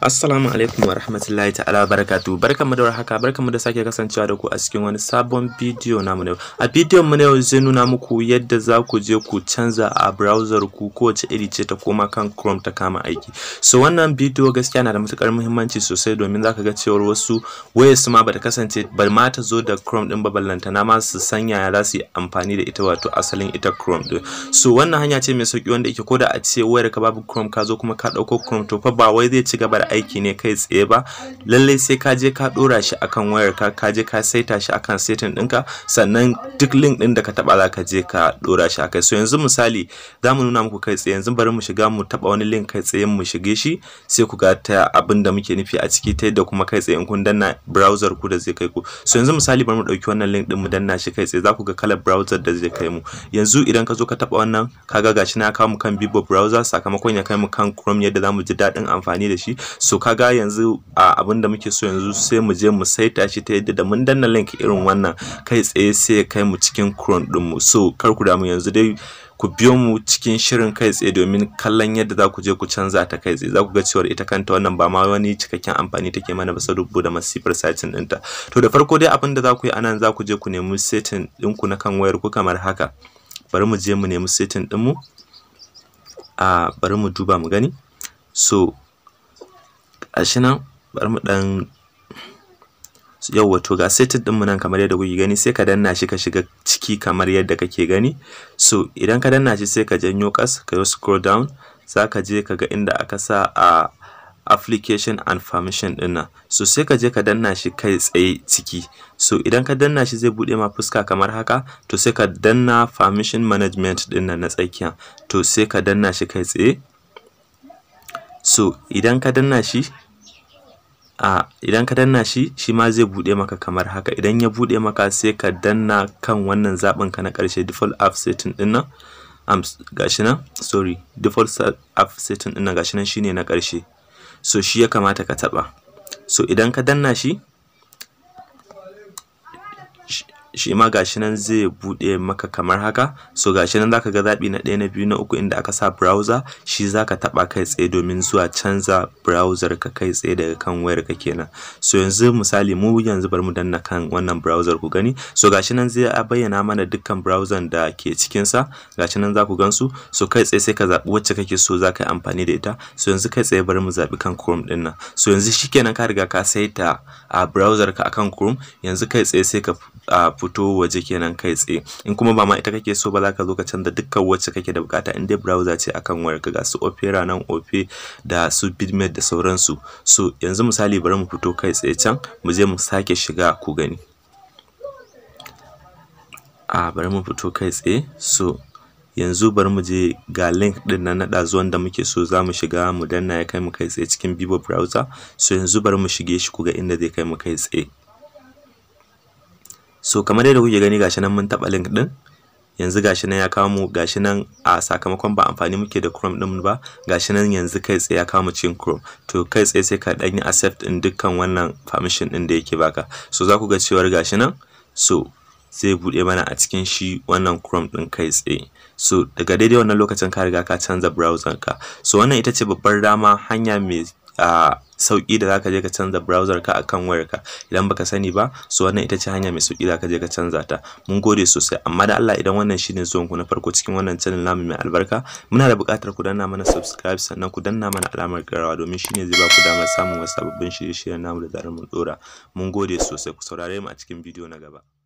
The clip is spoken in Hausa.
Assalamu alaikum wa rahmatullahi ta'ala barakatu barkanmu da warhaka barkanmu da sake kasancewa da ku a cikin wani sabon bidiyo namu na yau a bidiyon mu na yau zai nuna muku yadda za ku je ku canza a browser ku kowace iri ce ta koma kan Chrome ta kama aiki so wannan bidiyo gaskiya na da matukar muhimmanci sosai domin zaka ga cewar wasu waye su ma bata kasance bar ma ta zo da Chrome din ballanta na ma su san yaya za su yi amfani da ita wato asalin ita Chrome din so wannan hanya ce mai sauki wanda yake koda a ce wayar ka babu Chrome ka zo kuma ka dauko Chrome to fa ba wai zai ci gaba da aiki ne kai tsaye ba lallai sai ka je ka dora shi akan wayar ka ka je ka saita shi akan setting ɗinka sannan duk link ɗin da ka taba za ka je ka dora shi akai so yanzu misali za mu nuna muku kai tsaye yanzu bari mu shiga mu taba wani link kai tsaye mu shige shi sai ku ga ta abin da muke nufi a ciki ta da kuma kai tsaye in kun danna browser ku da zai kai ku so yanzu misali bari mu dauki wannan link din mu danna shi kai tsaye za ku ga kalar browser da zai kai mu yanzu idan ka zo ka taba wannan kaga gashi na kawo mu kan Bibo browser sakamakon ya kai mu kan Chrome yadda zamu ji daɗin amfani da shi so kaga yanzu a abinda muke so yanzu sai mu je mu saita shi ta yadda da mun danna link irin wannan kai tsaye sai ya kai mu cikin din mu so kar ku damu yanzu dai ku biyo mu cikin shirin kai tsaye domin kallon yadda za ku je ku canza ta kai tsaye za ku ga cewa ita kanta wannan ba ma wani cikakken amfani take mana ba da masifar satin ɗinta to da farko dai abinda da za ku yi anan za ku je ku nemi setting ɗinku na kan wayar ku kamar haka bari mu je mu nemi setting ɗinmu a bari mu duba mu gani so gashi nan bari mu ɗan yau wato ga setting ɗinmu nan kamar yadda kuke gani sai ka danna shi ka shiga ciki kamar yadda kake gani so idan ka danna shi sai ka janyo kas ka yi scroll down za ka je ka ga inda aka sa a application and permission ɗin nan so sai ka je ka danna shi kai tsaye ciki so idan ka danna shi zai bude ma fuska kamar haka to sai ka danna permission management ɗin nan na tsakiya to sai ka danna shi kai tsaye so idan ka danna shi a idan ka danna shi shi ma zai buɗe maka kamar haka idan ya buɗe maka sai ka danna kan wannan zaɓin ka na ƙarshe default app setting din nan am gashi nan sorry default app setting din nan gashi nan shine na ƙarshe so shi ya kamata ka taɓa so idan ka danna shi shi ma gashi nan zai bude maka kamar haka so gashi nan zaka ga zabi na 1 na 2 na 3 inda aka sa browser shi zaka taba kai tsaye domin zuwa canza browser ka kai tsaye daga kan wayar ka kenan so yanzu misali mu yanzu bar mu danna kan wannan browser ku gani so gashi nan zai bayyana mana dukkan browser da ke cikin sa gashi nan zaku gansu so kai tsaye sai ka zabi wacce kake so zaka yi amfani da ita so yanzu kai tsaye bar mu zabi kan Chrome din nan so yanzu shikenan ka riga ka saita a browser ka akan Chrome yanzu kai tsaye sai ka fito waje kenan kai tsaye in kuma ba ma ita kake so ba za ka zo ka canza dukkan wacce kake da bukata in dai browser ce akan wayar ka ga su opera nan ofe da su bitmap da sauransu so yanzu misali bari mu fito kai tsaye can mu je mu sake shiga ku gani a bari mu fito kai tsaye so yanzu bari mu je ga link din na da zuwan da muke so za mu shiga mu danna ya kai mu kai tsaye cikin Bibo browser so yanzu bari mu shige shi ku ga inda zai kai mu kai tsaye so kamar yadda kuke gani gashi nan mun taɓa link ɗin yanzu gashi nan ya kawo mu gashi nan a sakamakon ba amfani muke da Chrome din ba gashi nan yanzu kai tsaye ya kawo mu cikin Chrome to kai tsaye sai ka dan yi accept din dukkan wannan permission din da yake baka so za ku ga cewar gashi nan so zai bude mana a cikin shi wannan Chrome din kai tsaye so daga daidai wannan lokacin ka riga ka canza browser ka so wannan ita ce babbar dama hanya mai ah, sauki da zaka je ka canza browser ka akan ka idan baka sani ba so wannan ita ce hanya mai sauki da zaka je ka canza ta mun gode sosai amma da Allah idan wannan shine zuwan ku na farko cikin wannan channel namu mai albarka muna da bukatar ku danna mana subscribe sannan ku danna mana alamar karawa domin shine zai ba ku damar samun wasu sababbin shirye-shiryen namu da zarar mun dora mun gode sosai ku saurare mu a cikin bidiyo na gaba